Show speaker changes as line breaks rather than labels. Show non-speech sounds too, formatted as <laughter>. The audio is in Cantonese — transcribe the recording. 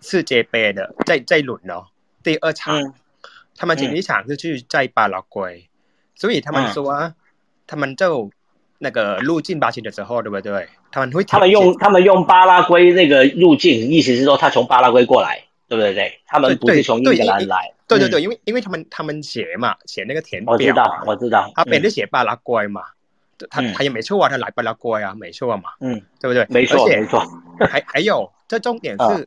世界杯的，仔這，這一輪 o、哦、第二場，嗯、他們第一場是去在巴拉圭。嗯、所以，他們說啊、嗯，他們就那個入境巴西的時候，對不對？他們會，他們用，
他們用巴拉圭那個入境，意思是說，他從巴拉圭過來，
對不對？對，他們不是從越南來。對對對，對，對，對、嗯，因為因為他們他們寫嘛，寫那個填表，我知道，我知道，嗯、他本來寫巴拉圭嘛，他、嗯、他又冇錯啊，他來巴拉圭啊，沒錯啊嘛。嗯，對不對？沒錯，沒錯。還還有， <laughs> 這重點是。嗯